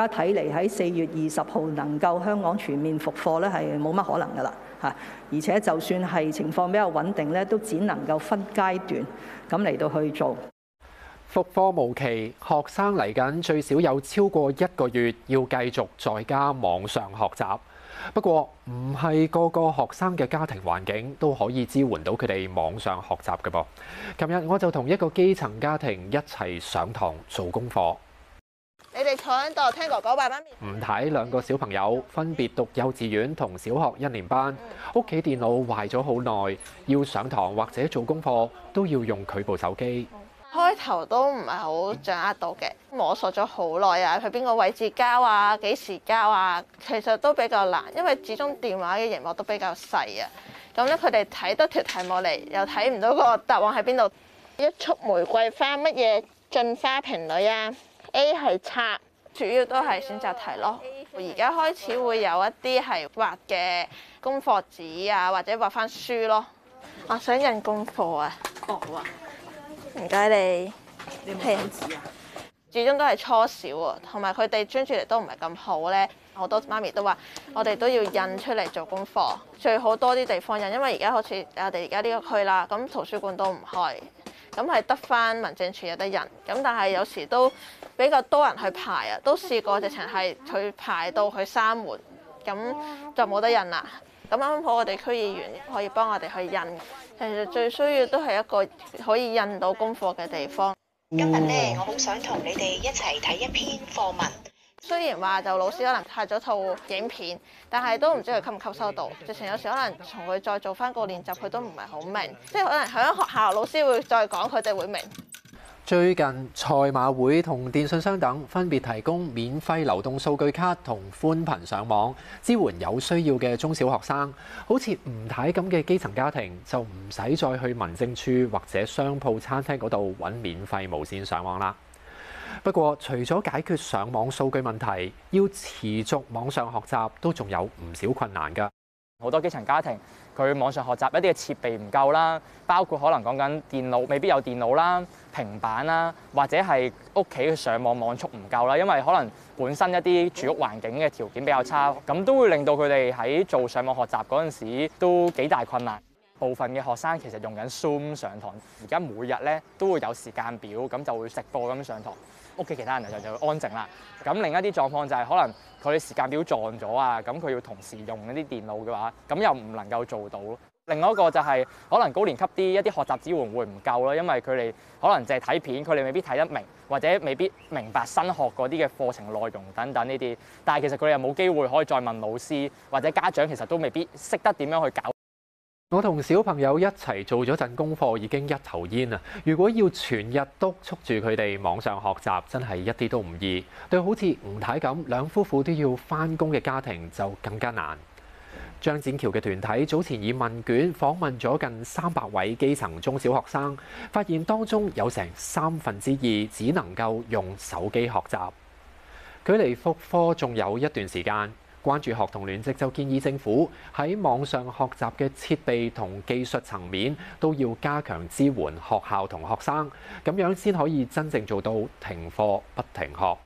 而家睇嚟喺四月二十號能夠香港全面復課咧，係冇乜可能噶啦嚇。而且就算係情況比較穩定咧，都只能夠分階段咁嚟到去做。復課無期，學生嚟緊最少有超過一個月要繼續在家網上學習。不過唔係個個學生嘅家庭環境都可以支援到佢哋網上學習嘅噃。琴日我就同一個基層家庭一齊上堂做功課。唔睇兩個小朋友分別讀幼稚園同小學一年班，屋企電腦壞咗好耐，要上堂或者做功課都要用佢部手機。開頭都唔係好掌握到嘅，摸索咗好耐啊，去邊個位置交啊，幾時交啊，其實都比較難，因為始終電話嘅熒幕都比較細啊。咁咧，佢哋睇得條題目嚟，又睇唔到個答案喺邊度。一束玫瑰花乜嘢進花瓶裏啊？A 係插。主要都係選擇題咯，而家開始會有一啲係畫嘅功課紙啊，或者畫翻書咯。我、啊、想印功課啊，哦，唔該你。點，係啊，紙啊，始終都係初小喎，同埋佢哋專注力都唔係咁好咧。好多媽咪都話，我哋都要印出嚟做功課，最好多啲地方印，因為而家好似我哋而家呢個區啦，咁圖書館都唔開。咁係得返民政處有得印，咁但係有時都比較多人去排啊，都試過直情係佢排到去閂門，咁就冇得印啦。咁啱啱好我哋區議員可以幫我哋去印。其實最需要都係一個可以印到功課嘅地方。今日呢，我好想同你哋一齊睇一篇課文。雖然話就老師可能拍咗套影片，但係都唔知佢吸唔吸收到。直情有時可能同佢再做翻個練習，佢都唔係好明。即係可能響學校老師會再講，佢哋會明。最近賽馬會同電信商等分別提供免費流動數據卡同寬頻上網，支援有需要嘅中小學生。好似吳太咁嘅基層家庭，就唔使再去民政處或者商鋪、餐廳嗰度搵免費無綫上網啦。不過，除咗解決上網數據問題，要持續網上學習都仲有唔少困難㗎。好多基層家庭，佢網上學習一啲嘅設備唔夠啦，包括可能講緊電腦未必有電腦啦、平板啦，或者係屋企嘅上網網速唔夠啦，因為可能本身一啲住屋環境嘅條件比較差，咁都會令到佢哋喺做上網學習嗰陣時都幾大困難。部分嘅學生其實用緊 Zoom 上堂，而家每日咧都會有時間表，咁就會直播咁上堂，屋企其他人就就會安靜啦。咁另一啲狀況就係、是、可能佢時間表撞咗啊，咁佢要同時用一啲電腦嘅話，咁又唔能夠做到。另外一個就係、是、可能高年級啲一啲學習支援會唔夠咯，因為佢哋可能淨係睇片，佢哋未必睇得明，或者未必明白新學嗰啲嘅課程內容等等呢啲。但係其實佢哋又冇機會可以再問老師或者家長，其實都未必識得點樣去搞。我同小朋友一齊做咗陣功課，已經一頭煙啊！如果要全日督促住佢哋網上學習，真係一啲都唔易。對好似吳太咁兩夫婦都要返工嘅家庭就更加難。張展橋嘅團體早前以問卷訪問咗近三百位基層中小學生，發現當中有成三分之二只能夠用手機學習。距離復課仲有一段時間。關注學童聯席就建議政府喺網上學習嘅設備同技術層面都要加強支援學校同學生，咁樣先可以真正做到停課不停學。